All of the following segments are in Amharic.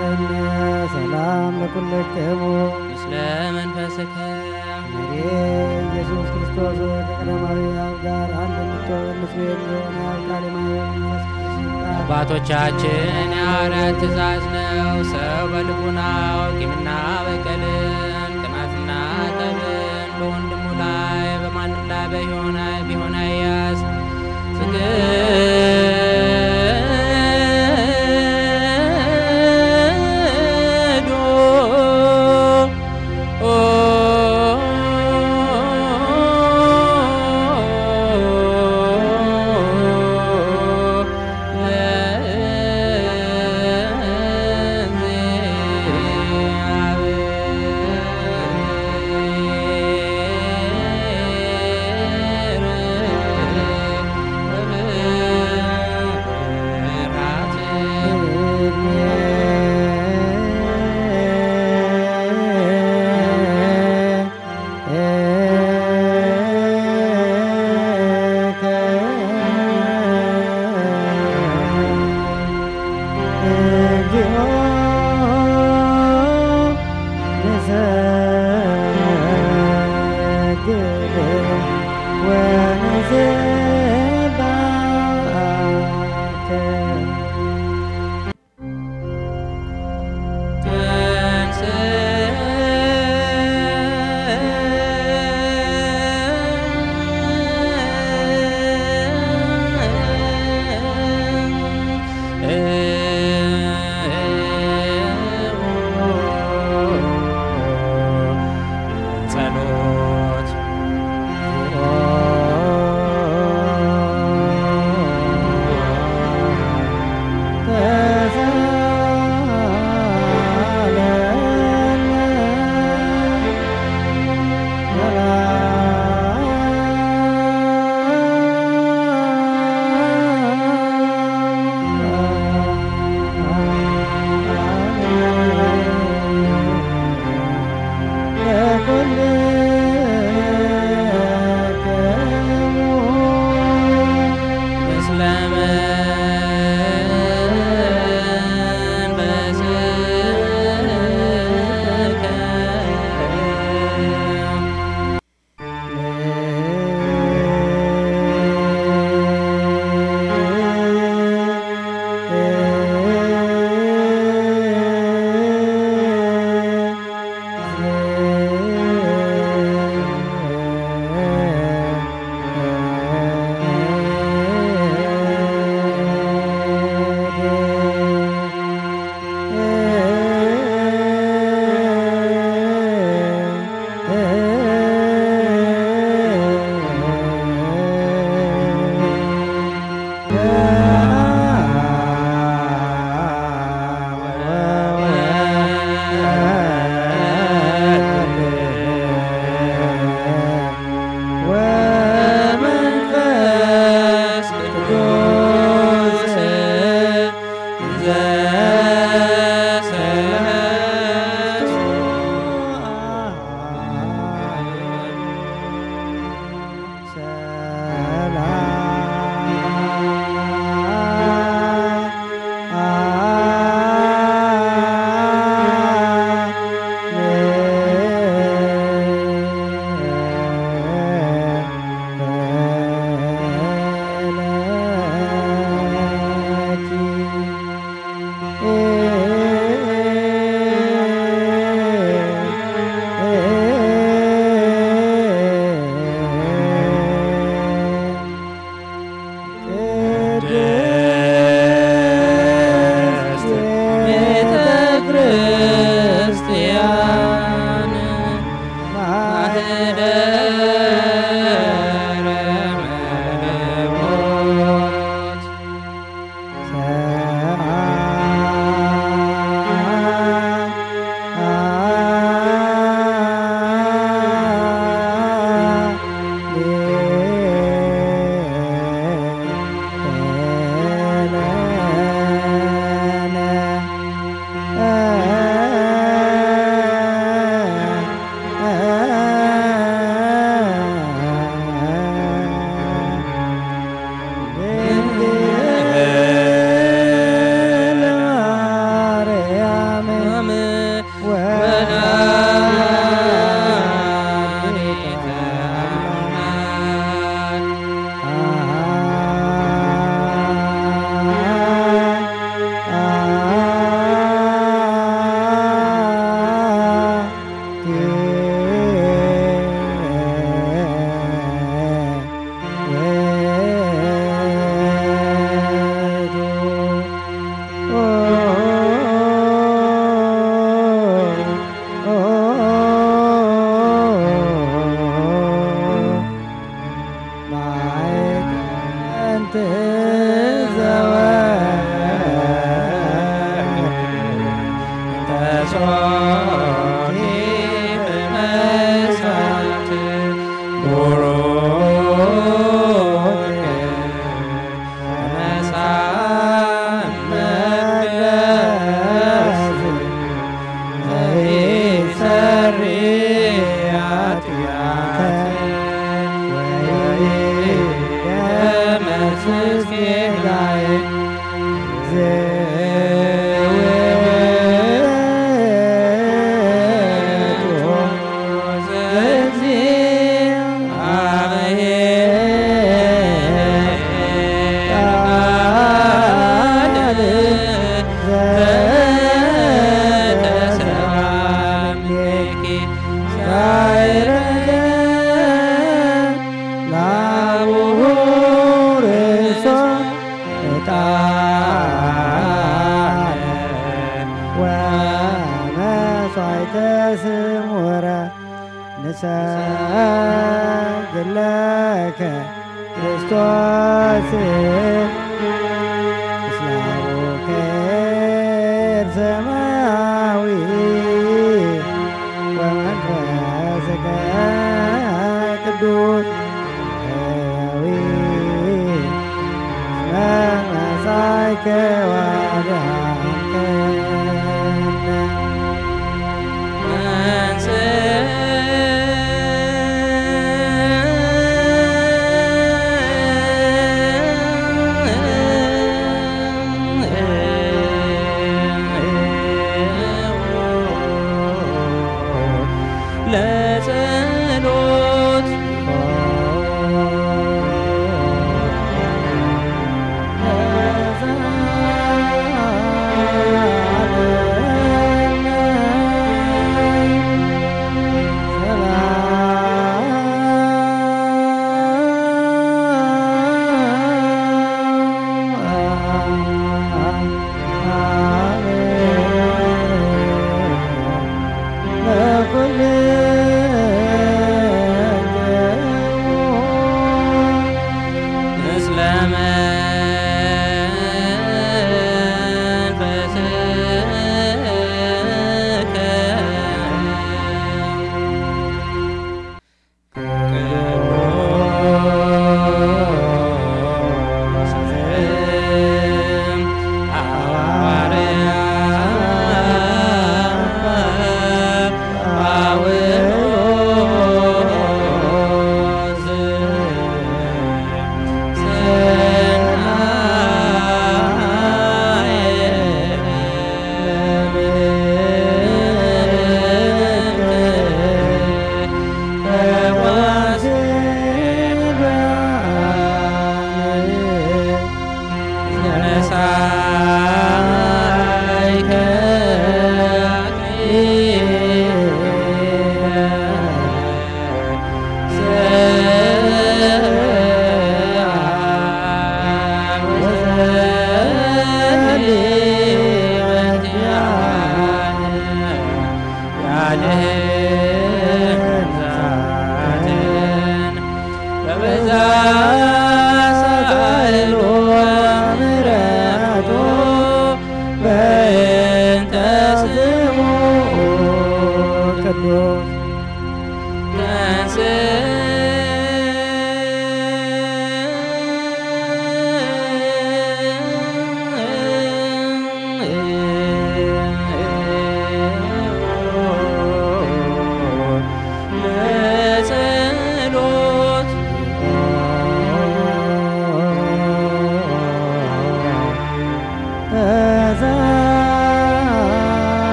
ይእዜሰ ሰላም ለኩልክሙ ምስለ መንፈስከ እኔ ኢየሱስ ክርስቶስ ከቀዳማውያን ጋር አንድ የምትሆን ምስሌም የሆነ ቃል አባቶቻችን የሐዋርያት ትእዛዝ ነው። ሰው በልቡናው ቂምና በቀልን፣ ቅናትና ጠብን በወንድሙ ላይ በማንም ላይ ቢሆን አያስ Go on.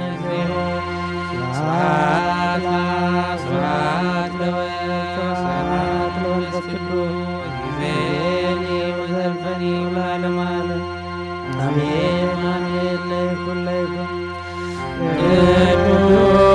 Amen. Amen. Amen. Amen.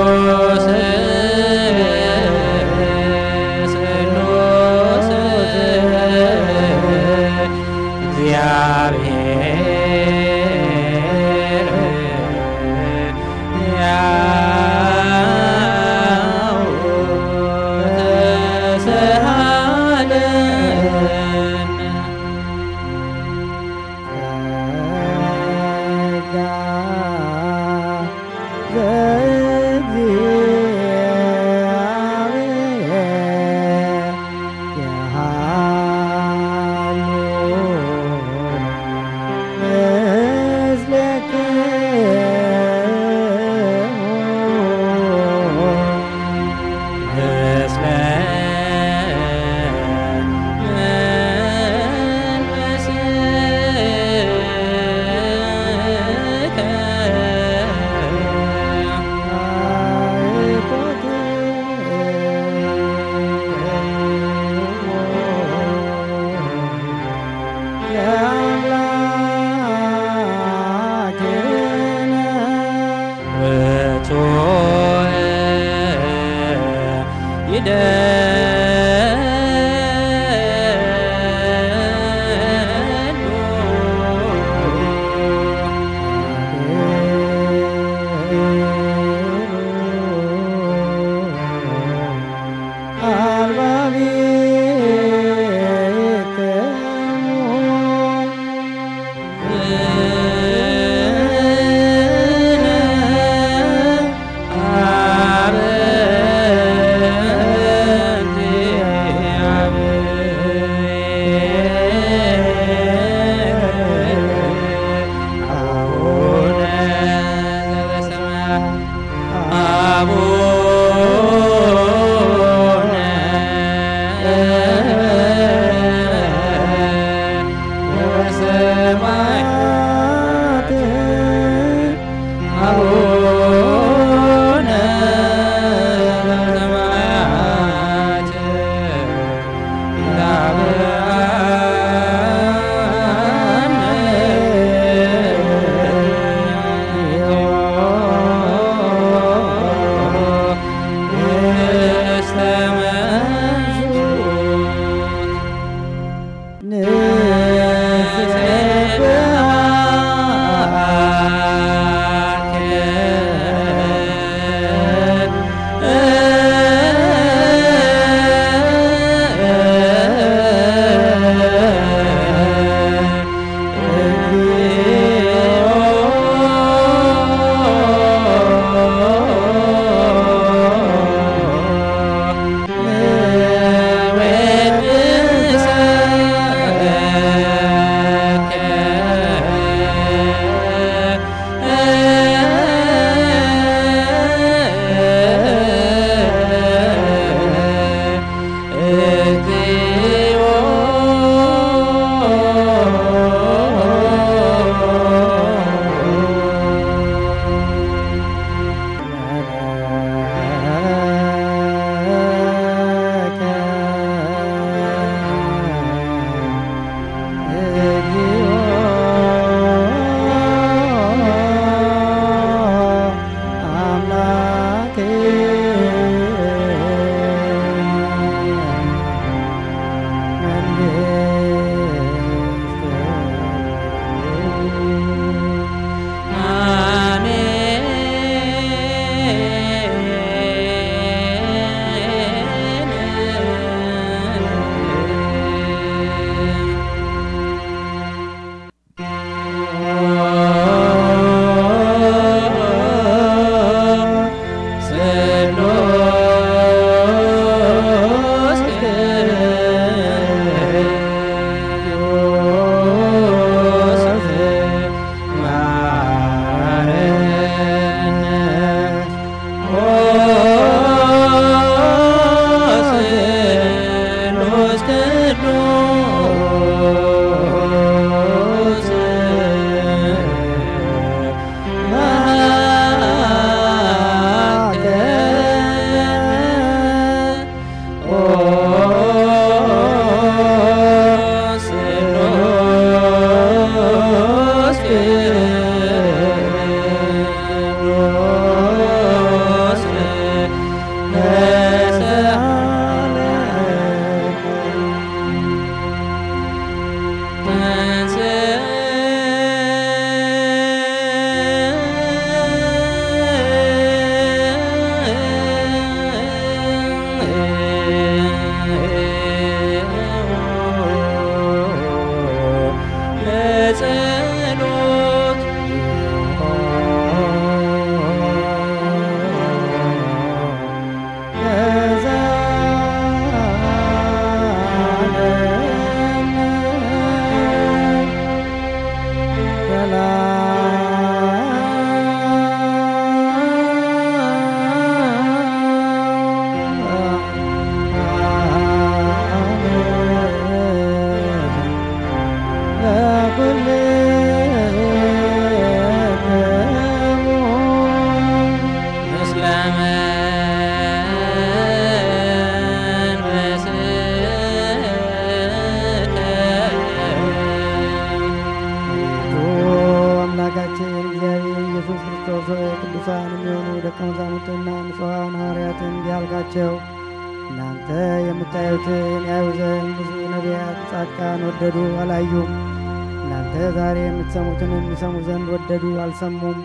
አልሰሙም።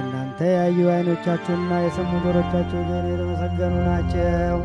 እናንተ ያዩ ዓይኖቻችሁና የሰሙ ጆሮቻችሁ ግን የተመሰገኑ ናቸው።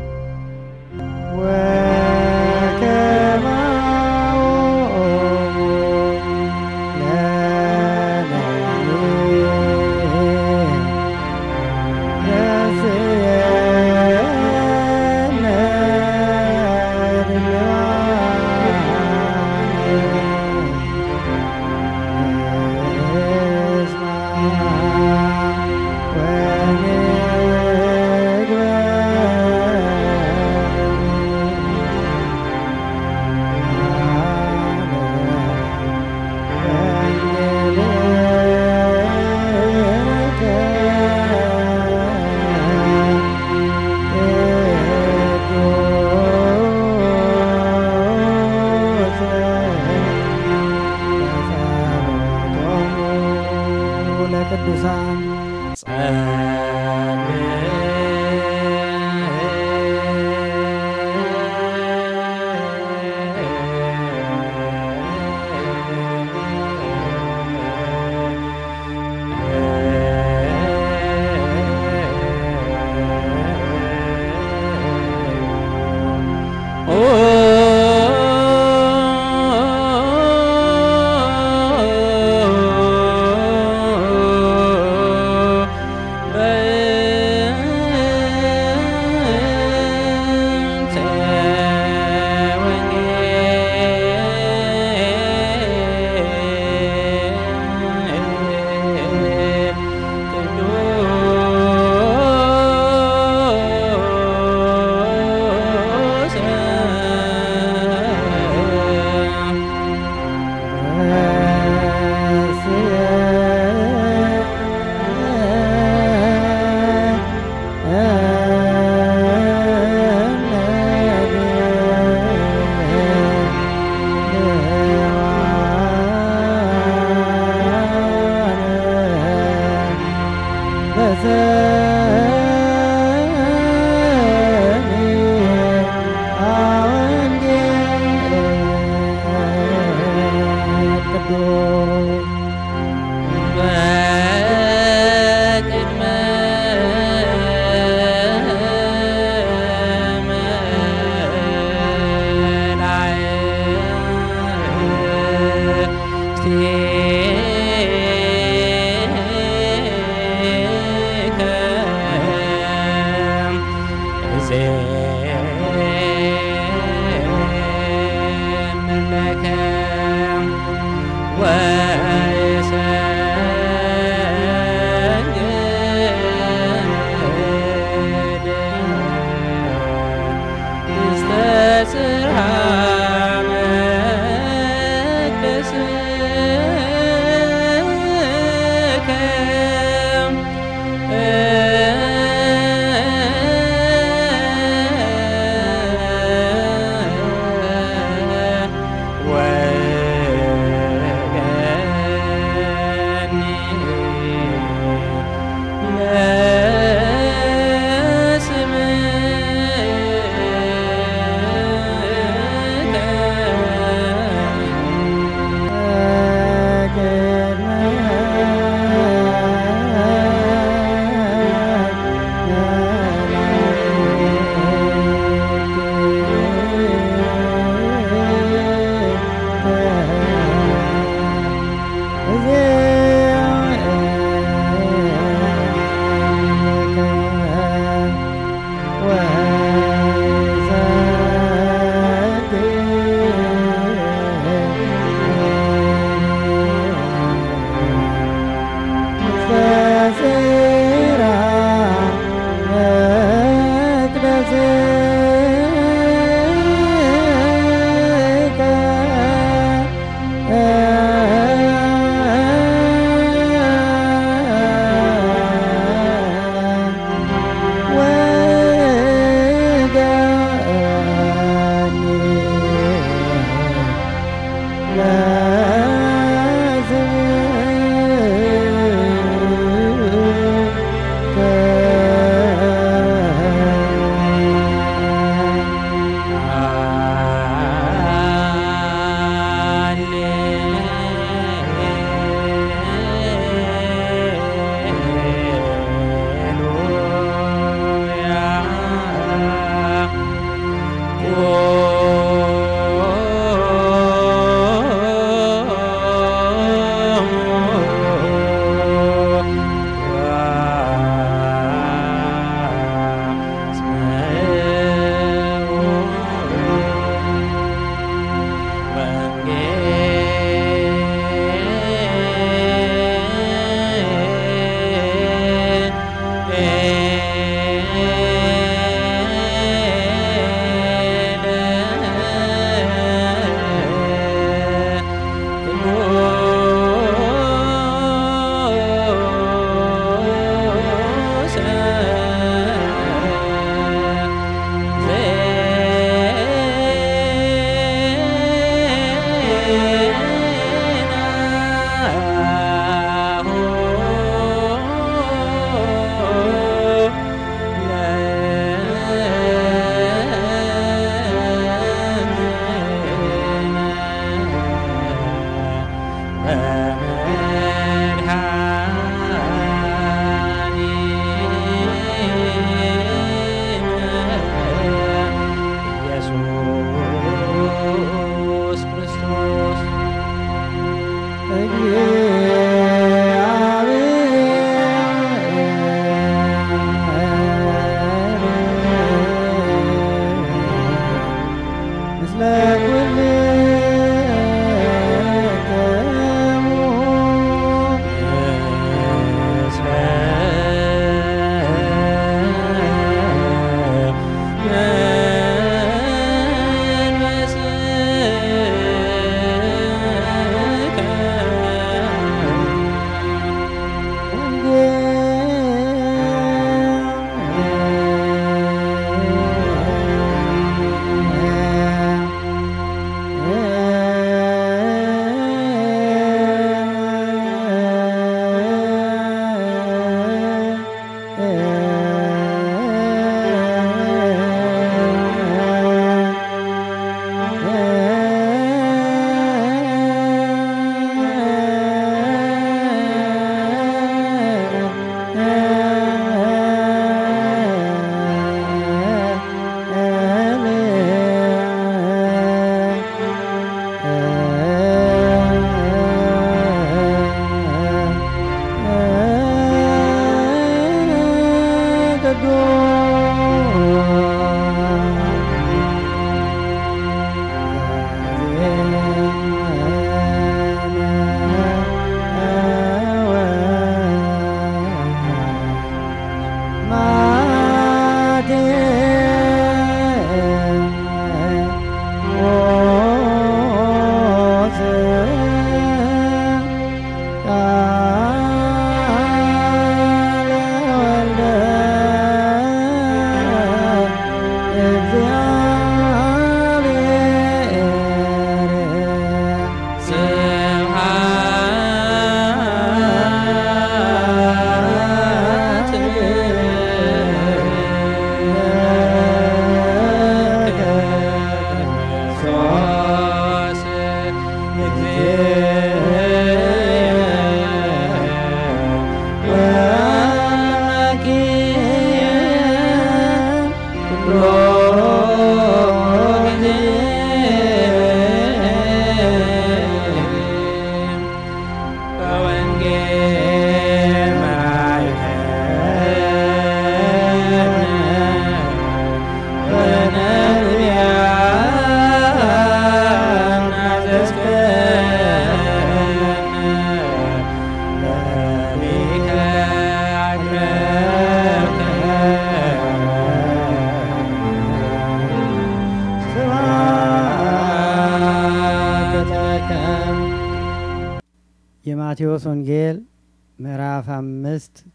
Lord.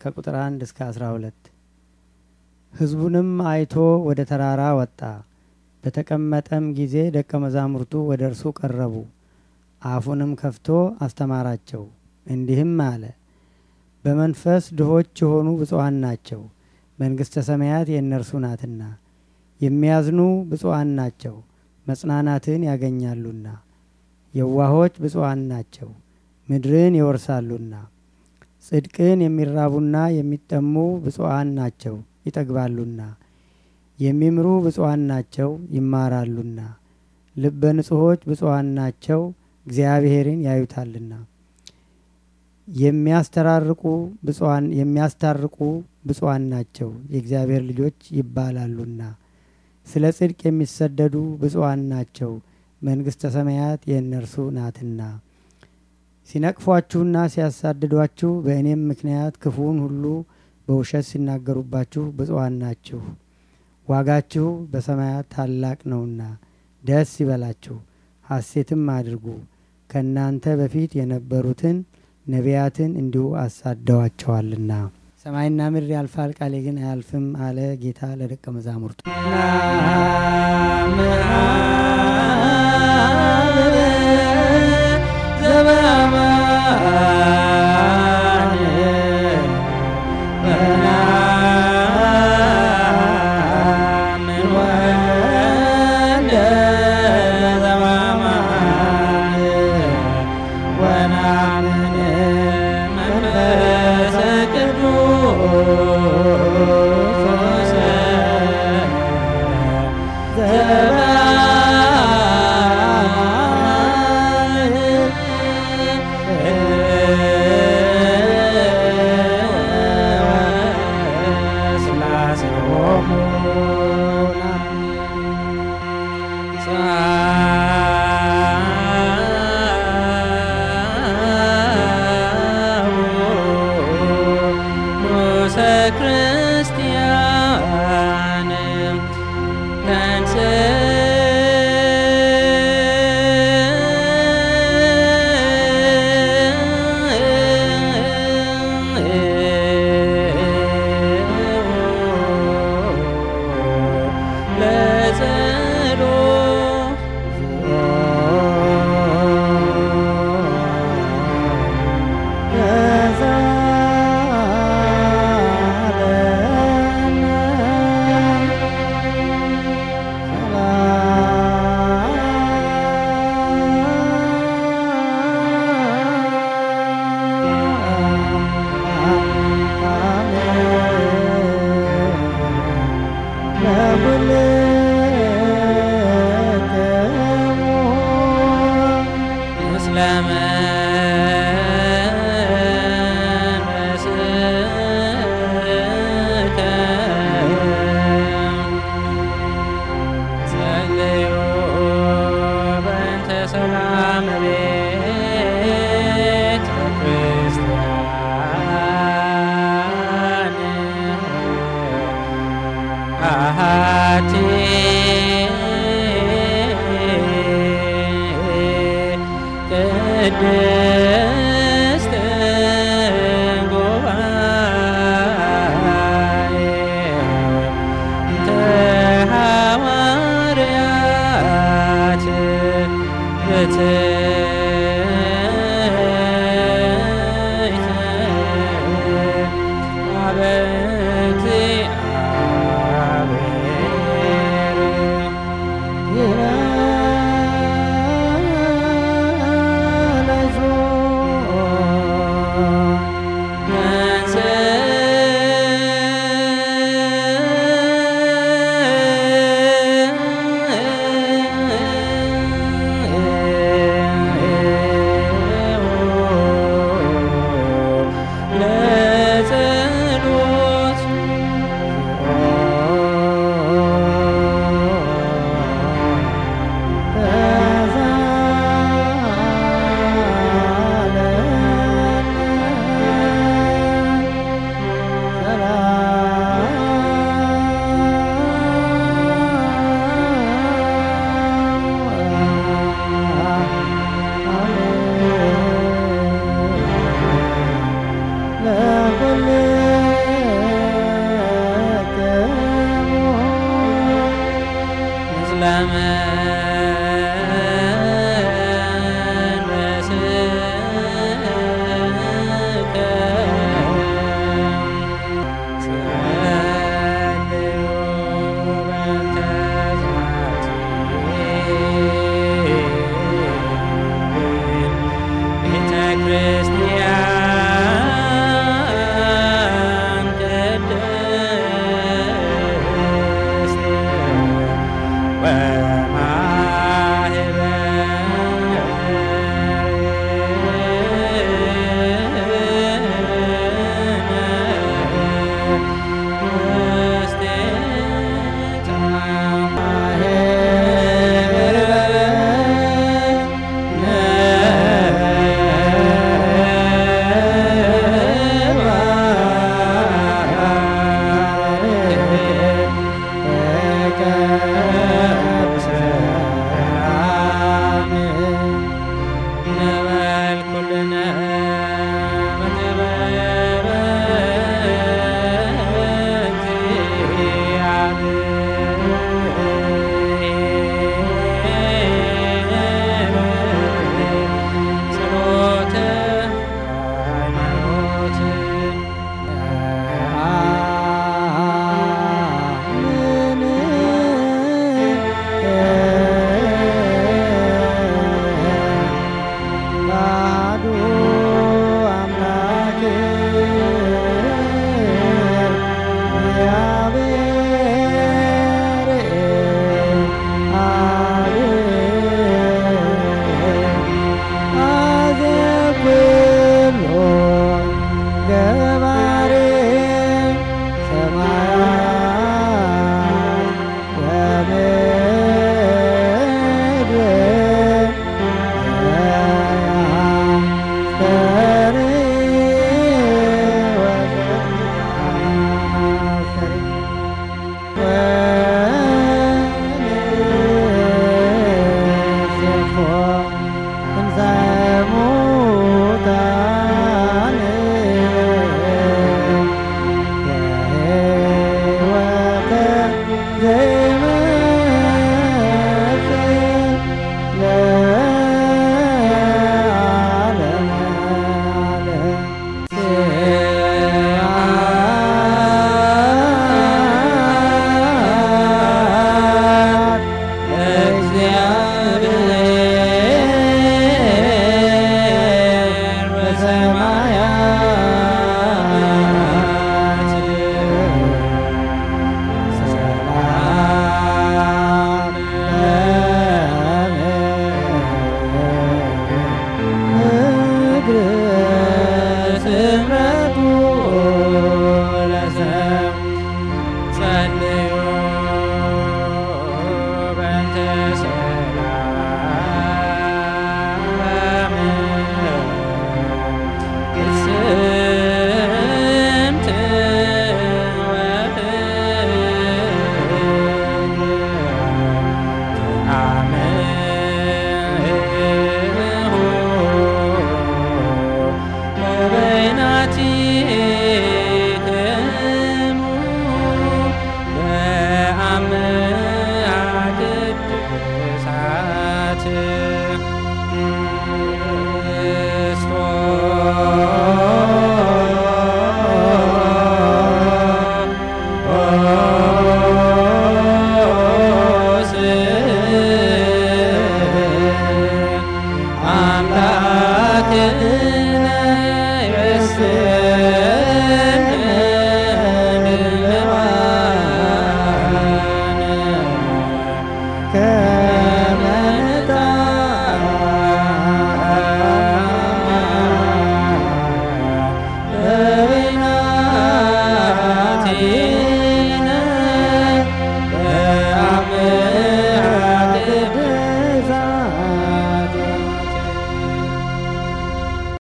ከቁጥር 1 እስከ 12 ህዝቡንም አይቶ ወደ ተራራ ወጣ። በተቀመጠም ጊዜ ደቀ መዛሙርቱ ወደ እርሱ ቀረቡ። አፉንም ከፍቶ አስተማራቸው፣ እንዲህም አለ። በመንፈስ ድሆች የሆኑ ብፁዓን ናቸው፣ መንግሥተ ሰማያት የእነርሱ ናትና። የሚያዝኑ ብፁዓን ናቸው፣ መጽናናትን ያገኛሉና። የዋሆች ብፁዓን ናቸው፣ ምድርን ይወርሳሉና። ጽድቅን የሚራቡና የሚጠሙ ብፁዓን ናቸው ይጠግባሉና፣ የሚምሩ ብፁዓን ናቸው ይማራሉና፣ ልበ ንጹሖች ብፁዓን ናቸው እግዚአብሔርን ያዩታልና፣ የሚያስተራርቁ ብፁዓን የሚያስታርቁ ብፁዓን ናቸው የእግዚአብሔር ልጆች ይባላሉና፣ ስለ ጽድቅ የሚሰደዱ ብፁዓን ናቸው መንግሥተ ሰማያት የእነርሱ ናትና። ሲነቅፏችሁና ሲያሳድዷችሁ በእኔም ምክንያት ክፉውን ሁሉ በውሸት ሲናገሩባችሁ ብፁዓን ናችሁ። ዋጋችሁ በሰማያት ታላቅ ነውና ደስ ይበላችሁ፣ ሐሴትም አድርጉ። ከእናንተ በፊት የነበሩትን ነቢያትን እንዲሁ አሳደዋቸዋልና። ሰማይና ምድር ያልፋል፣ ቃሌ ግን አያልፍም አለ ጌታ ለደቀ መዛሙርቱ።